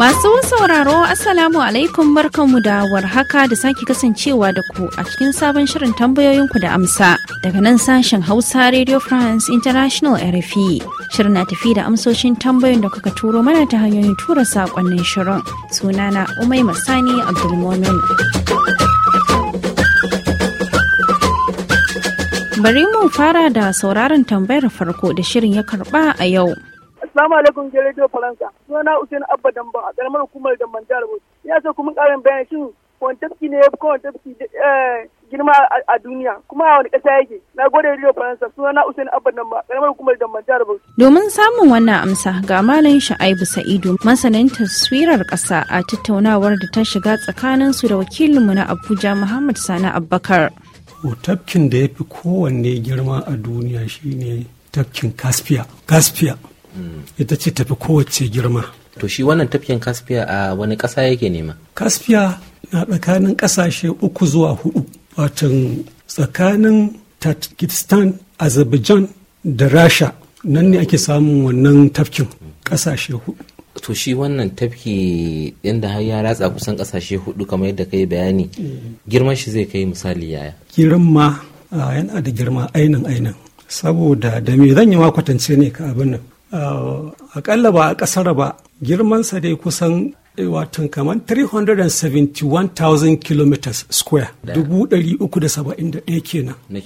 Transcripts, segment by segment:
Masu sauraro Assalamu alaikum barkanmu da warhaka da sake kasancewa da ku a cikin sabon shirin tambayoyinku da amsa daga nan sashen Hausa Radio France International RFI. Shirin na tafi da amsoshin tambayoyin da kuka turo mana ta hanyoyin tura saƙonnin shirin. Sunana Umai Masani Abdulmomin. Bari mu fara da sauraron tambayar farko da shirin ya karba a yau. Assalamu alaikum ke Radio Faransa. Sunana Usain Abba Damba a ƙaramar hukumar da jihar Bauchi. Ina so kuma ƙarin bayan shin kwantafki ne ko kwantafki eh, girma a duniya kuma a wani ƙasa yake. Na gode Radio Faransa sunana Usain Abba Damba a ƙaramar hukumar da jihar Bauchi. Domin samun wannan amsa ga Malam Sha'ibu Sa'idu masanin taswirar ƙasa a tattaunawar da ta shiga tsakanin su da wakilinmu na Abuja Muhammad Sani Abbakar. Tafkin da ya fi kowanne girma a duniya shine tafkin Caspia. Caspia ita ce tafi kowace girma to shi wannan tafkin kaspiya a wani ƙasa yake nema kaspiya na tsakanin ƙasashe uku zuwa hudu watan tsakanin tajikistan azerbaijan da rasha nan ne ake samun wannan tafkin ƙasashe hudu to shi wannan tafki inda har ya ratsa kusan ƙasashe hudu kamar yadda kai bayani girman shi zai kai misali yaya girma yana da girma ainin ainin saboda da me zan yi kwatance ne ka abin nan Uh, akalla ba a ƙasar ba girmansa dai kusan eh, watan kamar 371,000 km square ɗaya kenan na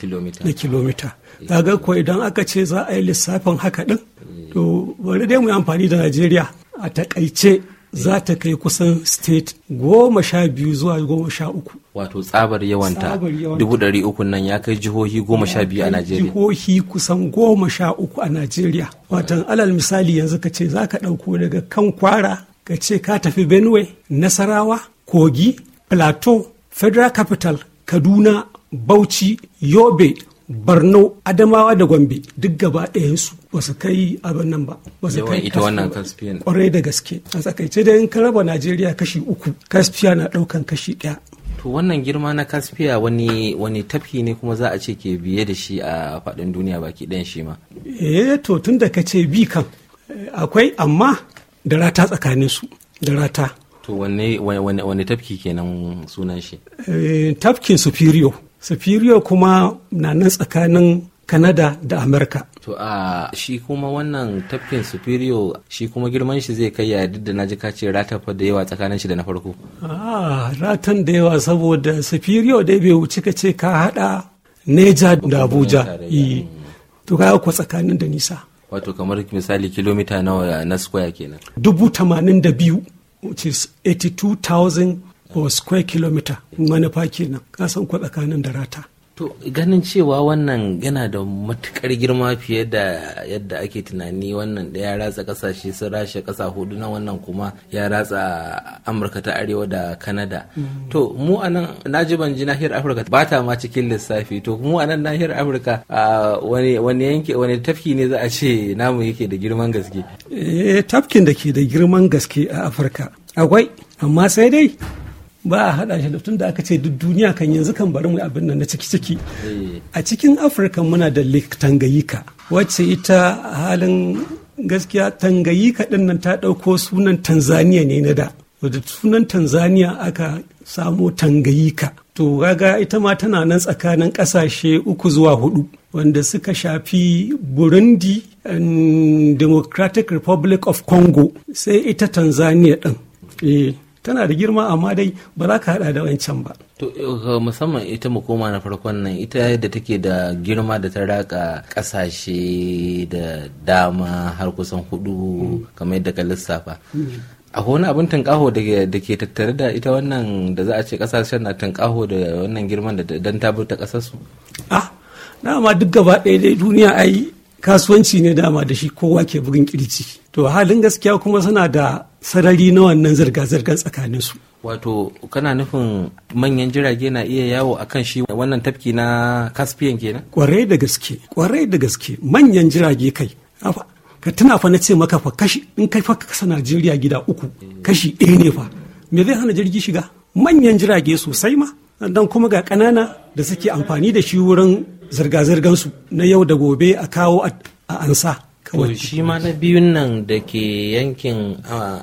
kilomita ta ga kuwa idan aka ce za a yi lissafin haka ɗin eh. to bari dai mu yi amfani da najeriya a takaice za ta kai kusan state goma sha biyu zuwa goma sha uku wato tsabar yawanta dubu ɗari uku nan ya kai jihohi goma sha biyu a najeriya jihohi kusan goma sha uku a najeriya watan alal misali yanzu ka ce za ka ɗauko daga kan kwara ka ce ka tafi benue nasarawa kogi plateau federal capital kaduna bauchi yobe barno adamawa da gombe duk gaba ɗayan su ba su kai abin nan ba ba su kai ita wannan caspian kwarai da gaske a tsakaice da in raba najeriya kashi uku Caspia na ɗaukan kashi ɗaya to wannan girma na Caspia wani wani tafi ne kuma za a ce ke biye da shi a faɗin duniya baki ɗayan shi ma eh to tun da ka ce bi kan eh, akwai amma da rata tsakanin su da rata to wanne wani tafki kenan sunan shi eh, tafkin superior superior kuma na nan tsakanin Kanada da Amurka. To a shi kuma wannan tafkin superior shi kuma girman shi zai kai ya da na ji kace rata fa da yawa tsakanin shi da na farko. Ah, ratan da yawa saboda superior dai bai wuce ka ce ka hada Neja da Abuja. Eh, to ka ku tsakanin da nisa. Wato kamar misali kilomita nawa na square kenan. Dubu tamanin da biyu which 82,000 ko square kilometer manufa kenan kasan ku tsakanin da rata To ganin cewa wannan yana da matukar girma fiye da yadda ake tunani wannan da ya ratsa kasashe sun rashe kasa hudu na wannan kuma ya ratsa Amurka ta Arewa da Kanada. Mm. To mu a nan ji ban ji nahiyar Afirka ba ta ma cikin lissafi. To mu a nan nahiyar Afirka wani yanke wani tafki ne za a ce namu yake da girman gaske. Eh tafkin da ke da girman gaske a Afirka akwai amma sai dai ba a haɗa shi da tun da aka ce duk duniya kan yanzu kan bari mu abin nan na ciki-ciki eh. a cikin afirka muna da lake tangayika wacce ita halin gaskiya tangayika din nan ta ɗauko sunan tanzania ne na da da sunan tanzania aka samo tangayika to gaga ita ma tana nan tsakanin ƙasashe uku zuwa hudu wanda suka shafi burundi democratic republic of congo sai ita tanzania ɗin eh. tana da girma amma dai ba za ka hada da wancan ba to musamman ita mu koma na farkon nan ita da take da girma da ta raka kasashe da dama har kusan hudu kamar yadda ka lissafa akwai wani abin tunkaho da ke tattare da ita wannan da za a ce kasashen na tunkaho da wannan girman da dan ta ta kasar su ah duk gaba ɗaya dai duniya ai kasuwanci ne dama da shi kowa ke bugun kirci to halin gaskiya kuma suna da sarari na wannan zirga-zirgar tsakaninsu wato kana nufin manyan jirage na iya yawo a kan shi wannan tafki na caspian kenan kwarai da gaske kwarai da gaske manyan jirage kai ka tuna fa na ce maka fa kashi in kai fa kasa Najeriya gida uku kashi ɗaya ne fa me zai hana jirgi shiga manyan jirage sosai ma dan kuma ga ƙanana da suke amfani da shi wurin zirga su na yau da gobe a kawo a ansa kawai shi ma na biyun nan da ke yankin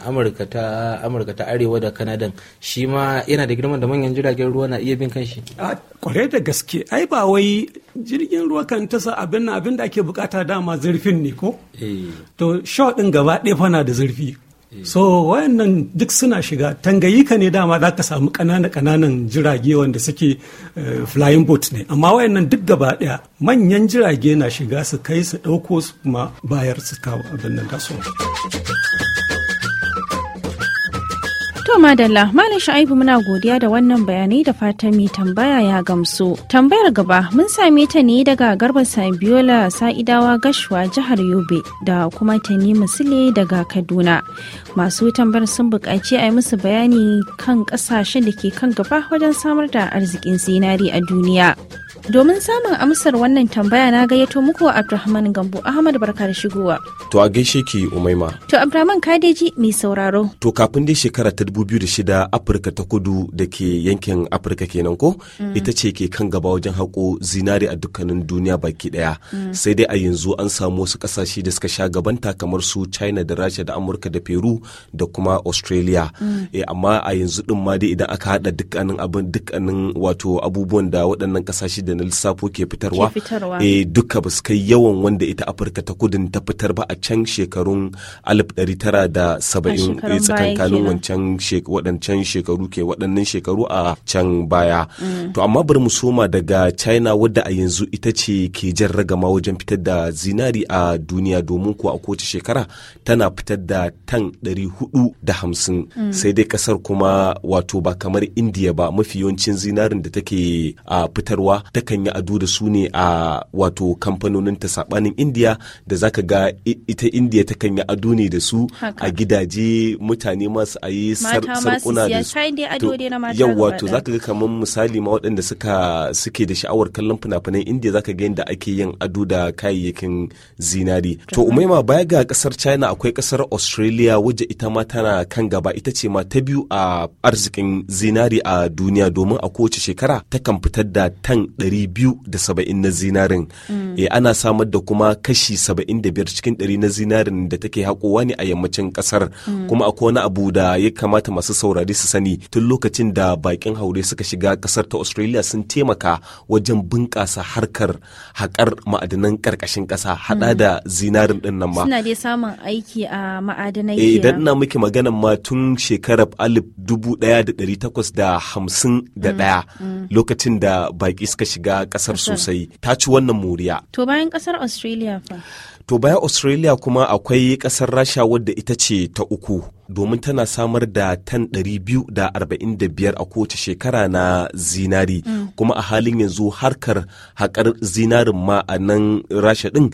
amurka ta amurka ta arewa da kanada shi ma yana da girman da manyan jiragen ruwa na iya bin kanshi a kwarai da gaske ai ba wai jirgin ruwa kan tasa abin abin da ake bukata dama zurfin ne ko eh. to shaw din gaba ɗaya fana da zurfi so wayannan duk suna shiga tangayika ne dama za ka samu ƙanana kananan jirage wanda suke eh, flying boat ne amma wayannan duk gaba ɗaya manyan jirage na shiga su kai su ɗauko su kuma bayar su kawo abin nan kasuwa To madalla Malam Sha'ibu muna godiya da wannan bayanai da fatan mai tambaya ya gamsu. Tambayar gaba mun same ta ne daga Garba Sabiola Sa'idawa Gashuwa jihar Yobe da kuma Tani Musule daga Kaduna. Masu tambayar sun buƙaci a yi musu bayani kan ƙasashen da ke kan gaba wajen samar da arzikin zinari a duniya. Domin samun amsar wannan tambaya na gayyato muku Abdulrahman Gambo Ahmad barka da shigowa. To a gaishe ki Umaima. To Abdulrahman Kadeji mai sauraro. To kafin dai shekara ta dubu shida Afirka ta kudu da ke yankin Afirka kenan ko mm. ita ce ke kan gaba wajen haƙo zinari a dukkanin duniya baki ɗaya mm. Sai dai a yanzu an samu wasu ƙasashe da suka sha gabanta kamar su China da Rasha da Amurka da Peru da kuma Australia. Mm. Eh amma a yanzu din ma dai idan aka haɗa dukkanin abin dukkanin wato abubuwan da waɗannan ƙasashe da na lissafo ke fitarwa e duka ba su kai yawan wanda ita afirka ta kudin ta fitar ba a can shekarun 1970 eh, tsakankanin wancan waɗancan shekaru ke waɗannan shekaru a can baya mm. to amma bari mu soma daga china wadda a yanzu ita ce ke jan ragama wajen fitar da zinari a duniya domin kuwa a kowace shekara tana fitar da tan hamsin mm. sai dai kasar kuma wato ba kamar indiya ba mafi yawancin zinarin da take a fitarwa takan yi ado da su ne a wato kamfanonin ta sabanin indiya da zaka ga ita indiya takan yi ado ne da su a gidaje mutane masu a yi sarkuna da su yau wato zaka ga kamar misali ma waɗanda suka suke da sha'awar kallon fina-finan indiya zaka ga yadda ake yin ado da kayayyakin zinari to umaima baya ga kasar china akwai kasar australia waje ita ma tana kan gaba ita ce ma ta biyu a arzikin zinari a duniya domin a kowace shekara ta kan fitar da tan 270 na zinarin e, ana samar da kuma kashi 75 cikin 100 na zinarin da take haƙowa ne a yammacin ƙasar mm. kuma akwai wani abu da ya kamata masu saurari su sani tun lokacin da bakin haure suka shiga ƙasar ta australia sun taimaka wajen bunƙasa harkar haƙar ma'adanan ƙarƙashin ƙasa haɗa mm. da zinarin ɗin nan ma suna dai samun aiki a ma'adanai eh, idan ina miki maganan ma tun shekarar alif dubu ɗaya da ɗari takwas da hamsin da mm. ɗaya lokacin da baƙi suka shiga shiga kasar sosai ta ci wannan moriya to bayan kasar australia fa to bayan australia kuma akwai kasar rasha wadda ita ce ta uku domin tana samar da tan ɗari biyu da da arba'in biyar a kowace shekara na zinari mm. kuma a halin yanzu harkar haƙar zinarin ma a nan rasha ɗin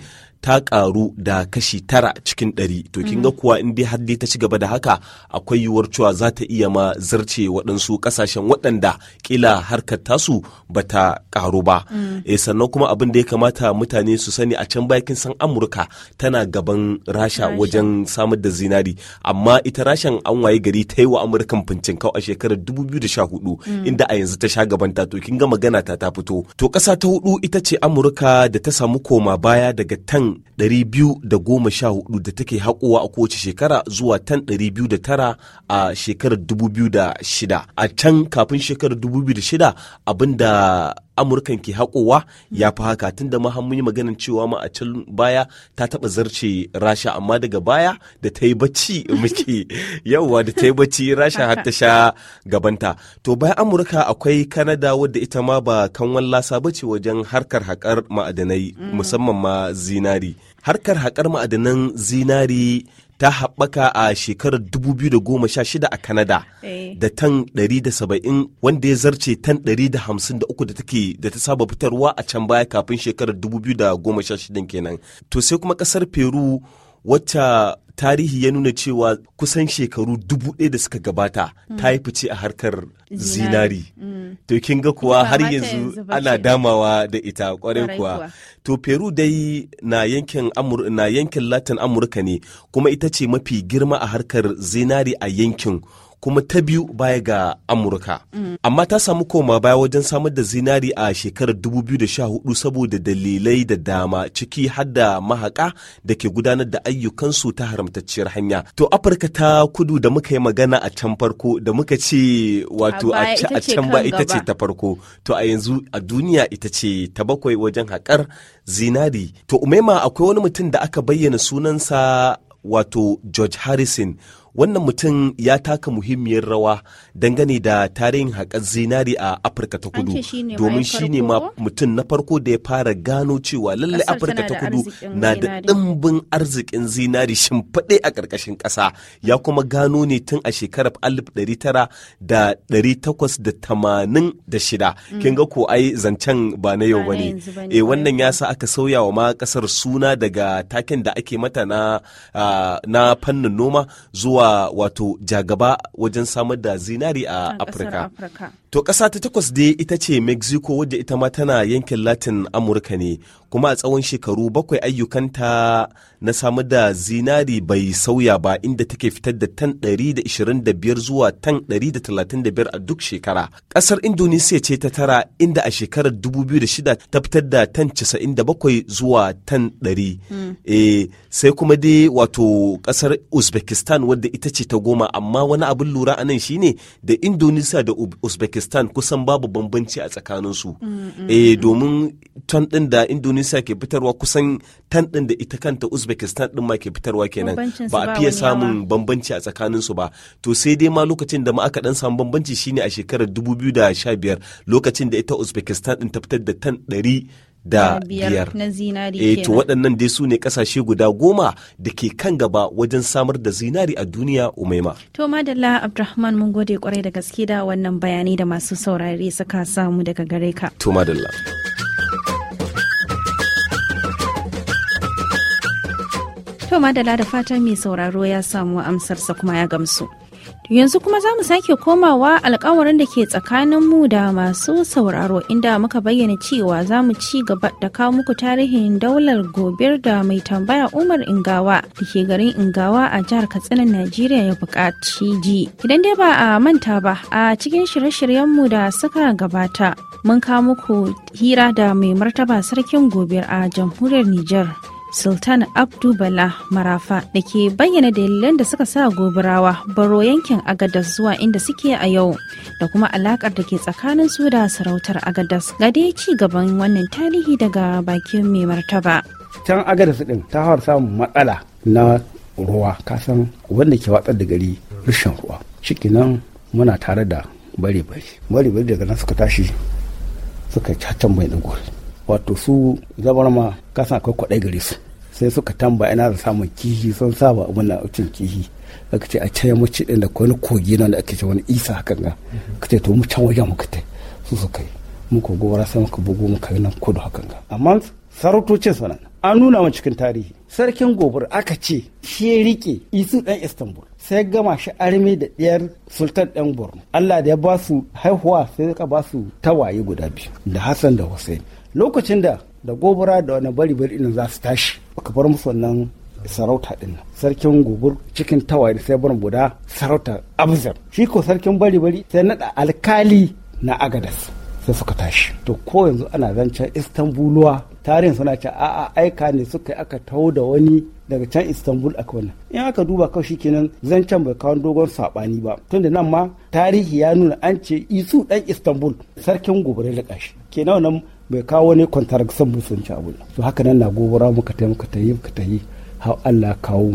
ta karu da kashi tara cikin ɗari to kin ga mm. kuwa in dai har dai ta ci gaba da haka akwai yiwuwar cewa za ta iya ma zarce waɗansu ƙasashen waɗanda ƙila harkar tasu ba ta karu ba e sannan kuma abin da ya kamata mutane su sani a can baya kin san amurka tana gaban rasha wajen samar da zinari amma ita rashan an waye gari ta yi wa amurkan fincinkau a shekarar 2014 mm. inda a yanzu ta sha gabanta to kin ga magana ta ta fito to ƙasa ta hudu ita ce amurka da ta samu koma baya daga tan 214 da take haƙowa a kowace shekara zuwa tan 209 a shekarar 2006 a can kafin shekarar 2006 abinda amurkan ke haƙowa ya fi haka tun da ma yi maganin cewa ma a can baya ta taɓa zarce rasha amma daga baya da ta yi bacci muke yauwa da ta yi bacci rasha har ta sha gabanta to bayan amurka akwai kanada wadda ita ma ba kanwan lasa ba ce wajen harkar haƙar ma'adanai mm. musamman ma zinari harkar haƙar ma'adanan zinari ta haɓaka a shekarar 2016 a Canada eh. da tan 170 wanda ya zarce tan 153 da take da ta saba fitarwa a can baya kafin shekarar 2016 kenan. To sai kuma ƙasar Peru wacce tarihi ya nuna cewa kusan shekaru dubu ɗaya da suka gabata ta yi fice a harkar zinari mm. to kin ga kuwa har yanzu ana damawa da ita kwarai kuwa to peru dai na yankin na yankin latin amurka ne kuma ita ce mafi girma a harkar zinari a yankin kuma ta biyu baya ga amurka amma ta samu koma baya wajen samar da zinari a shekarar 2014 saboda dalilai da dama ciki har da mahaka da ke gudanar da ayyukansu ta haramtacciyar hanya to afirka ta kudu da muka yi magana a can farko da muka ce wato a can ba ita ce ta farko to a yanzu a duniya ita ce ta bakwai wajen haƙar zinari to umaima akwai wani mutum da aka bayyana sunansa wato george harrison wannan mutum ya taka muhimmiyar rawa dangane da tarihin haƙar zinari a afirka ta kudu domin shi ne ma mutum na farko da ya fara gano cewa lallai afirka ta kudu na da ɗimbin arzikin zinari shimfiɗe a ƙarƙashin ƙasa ya kuma gano ne tun a shekarar alif ɗari ɗari tara da da da takwas tamanin shida mm. kin ga ko ai zancen ba na yau ne eh wannan ya sa aka sauya wa ma ƙasar suna daga taken da ake mata na ah, fannin noma zuwa wato jagaba wajen samar da zinari a afirka to kasa ta takwas dai ita ce mexico wadda ita ma tana yankin latin amurka ne kuma a tsawon shekaru bakwai ayyukanta na samar da zinari bai sauya ba inda take fitar da tan 125 zuwa tan 135 a duk shekara kasar indonesia ce ta tara inda a shekarar 2006 ta fitar da tan 97 zuwa tan 100 mm. eh, sai kuma dai wato kasar uzbekistan wadda da ita ce ta goma amma wani abin lura a nan shine da indonesia da uzbekistan kusan babu bambanci a tsakaninsu e domin tan ɗin da indonesia ke fitarwa kusan tan ɗin da ita kanta uzbekistan din ma ke fitarwa kenan ba a fiye samun bambanci a tsakaninsu ba to sai dai ma lokacin da ma aka dan samu bambanci shine a shekarar 2015 lokacin da ita uzbekistan din ta fitar da tan ɗari da biyar na zinari eh, kenan. to waɗannan dai su ne ƙasashe guda goma da ke kan gaba wajen samar da zinari a duniya umaima to madalla abdurrahman mun gode kwarai da gaske da wannan bayanai da masu saurare suka samu daga gare ka to madalla To da fata mai sauraro ya samu amsarsa kuma ya gamsu. Yanzu kuma za mu sake komawa alkawarin da ke tsakanin mu da masu sauraro inda muka bayyana cewa za mu ci gaba da kawo muku tarihin daular gobir da mai tambaya Umar Ingawa da ke garin Ingawa a jihar Katsina Najeriya ya bukaci ji. Idan dai ba a manta ba a cikin shirye-shiryenmu da suka gabata mun kawo muku hira da mai martaba sarkin gobir a jamhuriyar Nijar. sultan abdu bala marafa da ke bayyana dalilan da suka sa gobarawa baro yankin agadas zuwa inda suke a yau da kuma alakar da ke tsakanin su da sarautar agadas ga dai ci gaban wannan tarihi daga bakin mai martaba can agadas din ta hawar samun matsala na ruwa kasan wanda ke watsar da gari rashin ruwa nan muna tare da bare bare bare bare daga nan suka tashi suka cacan mai wato su zabarma kasa akwai kwaɗai gare su sai suka tambaya ina da samun kihi sun saba abin na cin kihi aka ce a can mace ɗin da wani kogi nan da ake ce wani isa hakan ga ka ce to mu can wajen muka ta su su kai mun ko gobara sai muka bugu muka yi nan kudu hakan ga amma sarautocin sanan an nuna mu cikin tarihi sarkin gobir aka ce shi riƙe isu ɗan istanbul sai gama shi armi da ɗiyar sultan ɗan borno allah da ya ba su haihuwa sai ka ba su tawaye guda biyu da hassan da hussein lokacin da da gobara da wani bari bari za su tashi aka bar musu wannan sarauta din sarkin gugur cikin tawaye sai barin guda sarauta abzar shi ko sarkin bari bari sai naɗa alkali na agadas sai suka tashi to ko yanzu ana zancen istanbuluwa tarihin suna ce a aika ne suka yi aka taho da wani daga can istanbul aka wannan in aka duba kawai shikenan zancen bai kawo dogon saɓani ba tunda nan ma tarihi ya nuna an ce isu dan istanbul sarkin gobe da kashi kenan wannan bai kawo wani contradiction musulunci sun ci abu to haka nan na gobara muka ta muka tayi muka yi har Allah kawo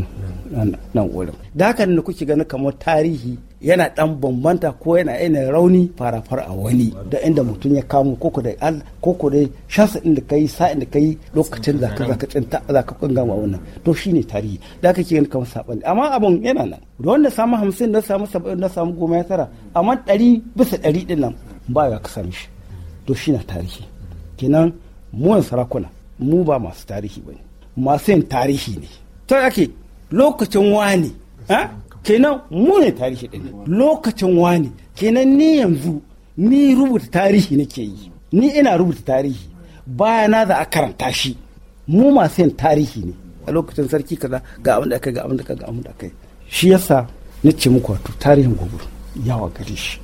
nan wurin da haka nan kuke ganin kamar tarihi yana dan bambanta ko yana yana rauni farafar a wani da inda mutum ya kamo koko da al koko da shasa inda kai sa inda kai lokacin da ka zaka tsinta za ka kunga ma wannan to shine tarihi da haka ke ganin kamar saban amma abun yana nan da wanda samu 50 da samu 70 da samu 10 amma 100 bisa 100 din nan ba ya ka sami shi to shine tarihi kenan muwan sarakuna mu ba masu tarihi ba ne masu yin tarihi ne ta ake lokacin wani kenan mu ne tarihi ɗin lokacin wani kenan ni yanzu ni rubuta tarihi nake yi ni ina rubuta tarihi baya na za a karanta shi mu masu yin tarihi ne a lokacin sarki kaza ga abin da aka ga abin da aka ga abin da aka shi yasa ni ce muku wato tarihin gobe yawa gare shi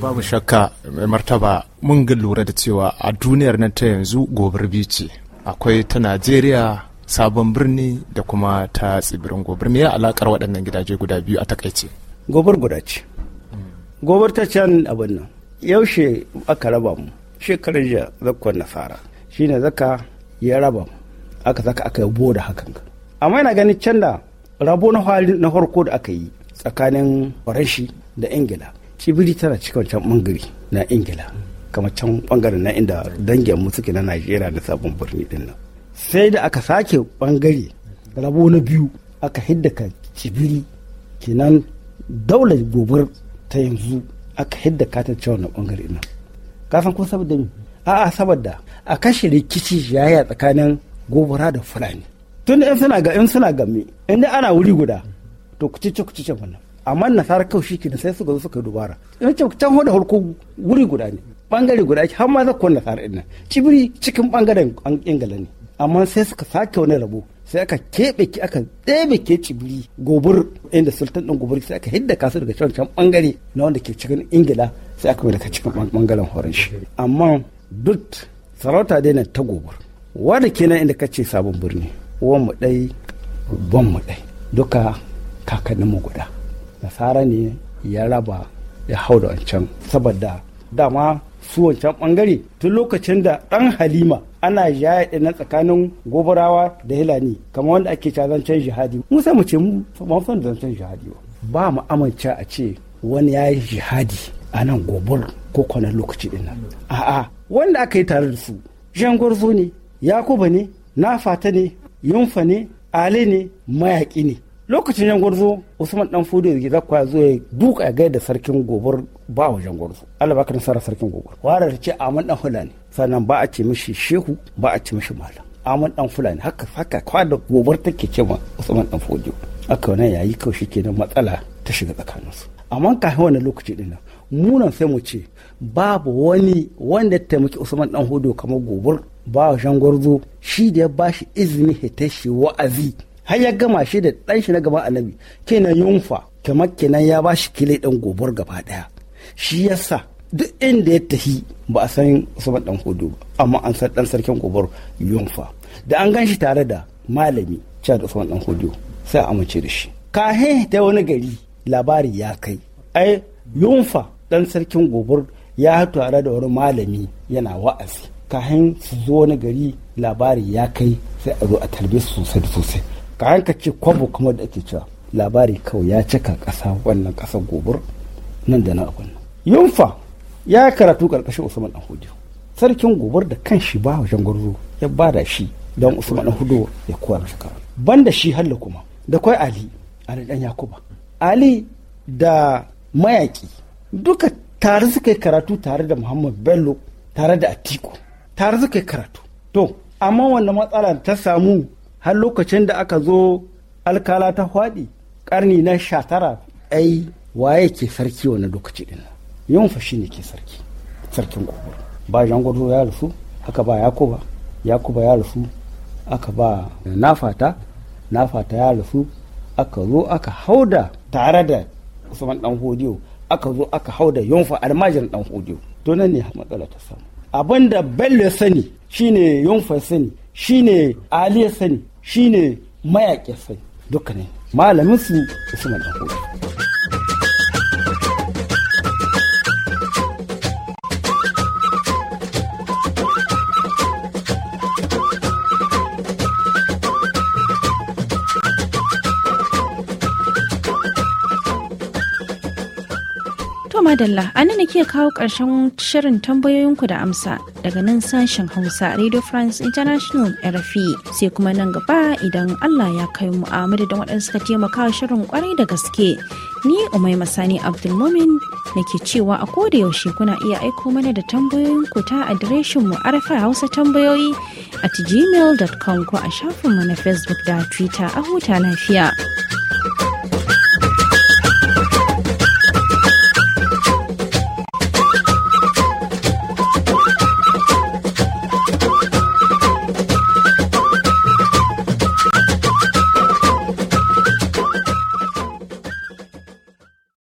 babu shakka martaba mun ga lura da cewa a duniyar nan ta yanzu gobar ce akwai ta najeriya sabon birni da kuma ta tsibirin gobar me ya alakar waɗannan gidaje guda biyu a takaice gobar guda ce gobar ta can abin nan yaushe aka raba mu shekarar jiya zakon na fara shine zaka ya raba mu aka zaka aka yabo da hakan amma yana ganin can da rabo na farko da aka yi tsakanin farashi da ingila biri tana cikin wancan bangare na ingila kamar can bangare na inda dangin mu suke na najeriya da sabon birni din nan sai da aka sake bangare rabo na biyu aka hidda ka kenan daular gobar ta yanzu aka hidda ta cewa na bangare nan kasan ko saboda mi a'a saboda a kashe rikici yaya tsakanin gobara da fulani tun in suna ga in suna game in ana wuri guda to ce-ku kucice wannan amma nasara kawai shi kenan sai suka zo suka dubara ina ce can hoda harko wuri guda ne bangare guda ake hamma za nasara ɗin cibiri cikin bangaren ingila ne amma sai suka sake wani rabo sai aka keɓe ki aka ɗebe ke cibiri gobir inda sultan ɗin gobir sai aka hidda kasu daga can can bangare na wanda ke cikin ingila sai aka bai cikin bangaren horon shi amma duk sarauta dai na ta gobir wanda kenan inda ka ce sabon birni uwan mu ɗai ban mu ɗai duka kakannin mu guda nasara ne ya raba ya hau da wancan saboda dama su wancan bangare tun lokacin da dan halima ana yaɗa na tsakanin gobarawa da hilani kamar wanda ake cewa zancen jihadi mu sai mu ce mu ba san zancen jihadi ba ba mu amince a ce wani ya yi jihadi a nan gobor ko kwana lokaci din nan a'a wanda aka yi tare da su gwarzo ne yakuba ne nafata ne yunfa ne ale ne mayaƙi ne lokacin yan gwarzo usman dan fudu ya zakwa zo ya duka ya gaida sarkin gobor ba wajen gwarzo allah baka nasara sarkin gobor wara ta ce aman dan fulani sannan ba a ce mishi shehu ba a ce mishi malam aman dan fulani haka haka da gobor take ce ma usman dan fudu aka wani yayi kawai kenan matsala ta shiga tsakanin tsakaninsu amma kafin wannan lokaci din munan sai mu ce babu wani wanda ya taimaki usman dan hudu kamar gobor ba wa shi da ya shi izini hita shi wa'azi har ya gama shi da ɗan shi na gaba annabi kenan yunfa kamar kenan ya ba shi kile ɗan gobar gaba ɗaya shi yasa duk inda ya tafi ba a san saman ɗan hudu ba amma an san ɗan sarkin gobar yunfa da an gan shi tare da malami cewa da saman ɗan hudu sai a amince da shi kahe ta wani gari labari ya kai ai yunfa ɗan sarkin gobar ya tare da wani malami yana wa'azi kahin su zo wani gari labari ya kai sai a zo a tarbe su sosai sosai kayan ka ce kwabo kuma da ake cewa labari kawai ya cika ƙasa wannan ƙasa gobur nan da na akwai yunfa ya karatu karkashin usman dan hudu sarkin gobur da kan shi ba wajen gwarzo ya ba da shi don usman dan hudu ya koya masa karatu ban da shi halla kuma da kwai ali ali dan yakuba ali da mayaki duka tare suka yi karatu tare da muhammad bello tare da atiku tare suka yi karatu to amma wannan matsala ta samu har lokacin da aka zo alkala ta hwaɗi ƙarni na sha tara ai waye ke sarki wani lokaci ɗin yin fashi ne ke sarki sarkin kubur ba gwado ya rufu aka ba yakuba yakuba ya rufu aka ba nafata nafata ya rufu aka zo aka hauda tare da usman dan hodiyo aka zo aka hauda yunfa almajirin dan hodiyo to nan ne matsala ta samu abin da bello sani shine yunfa sani shi ne aliya sani ne mayaƙi sani dukkanin malamin su usman madalla a nan ke kawo ƙarshen shirin tambayoyinku da amsa daga nan sashen hausa radio france international rfi sai kuma nan gaba idan allah ya kai mu a madadin waɗanda suka taimaka shirin kwarai da gaske ni umai masani abdulmumin na ke cewa a koda yaushe kuna iya aiko mana da tambayoyinku ta adireshin mu arfa hausa tambayoyi at gmail.com ko a shafinmu na facebook da twitter a huta lafiya.